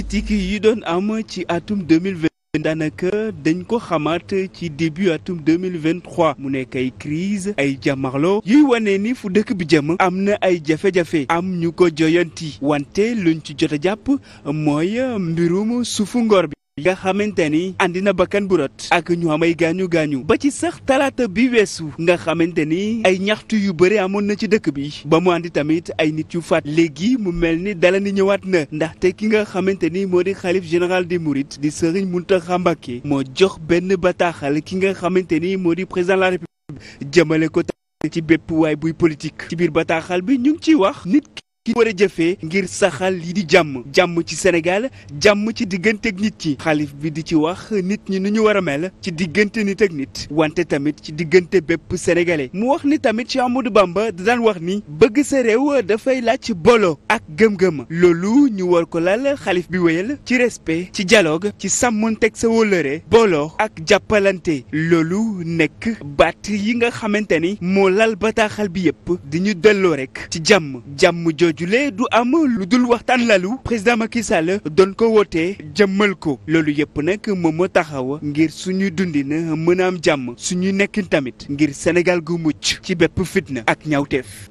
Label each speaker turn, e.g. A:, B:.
A: politique yi doon am ci atum 2020 daanaka dañ ko xamaat ci début atum 2023 mu nekk ay crise ay jamaxloo yuy wane ni fu dëkk bi jëm am na ay jafe-jafe am ñu ko joyanti wante lu luñ ci jot a jàpp mooy mbirum suufu ngor bi yi nga xamante ni andi na bakkan bu rat ak ñu am ay gaañu gaañu ba ci sax talaata bi weesu nga xamante ni ay ñaxtu yu bëri amoon na ci dëkk bi ba mu àndi tamit ay nit yu faat léegi mu mel ni dala ni ñëwaat na ndaxte ki nga xamante ni moo di xalif général di mourides di sëriñ Muntaxa Mbàkke moo jox benn bataaxal ki nga xamante ni moo di président de la république jëmale ko ci bépp waay buy politique ci biir bataaxal bi ñu ngi ciy wax nit ki war a jëfee ngir saxal li di jàmm jàmm ci senegal jàmm ci digganteeg nit ki xalif bi di ci wax nit ñi nu ñu war a mel ci diggante nit ak nit wante tamit ci diggante bépp sénégalais mu wax ni tamit ci Amadou Bamba da daan wax ni bëgg sa réew dafay laaj bolo ak gëm-gëm loolu ñu war ko lal xalif bi wéyal ci respect ci dialogue ci sàmmonteeg sa wóllëre booloo ak jàppalante loolu nekk baat yi nga xamante ni moo lal bataaxal bi yëpp di ñu delloo rek ci jàmm jàmm joojule du am lu dul waxtaan lalu président Macky Sall doon ko wootee jëmmal ko loolu yëpp nag moom moo taxaw ngir suñuy dundina mën a am jàmm suñuy nekkin tamit ngir Sénégal gu mucc ci bépp fitna ak ñawteef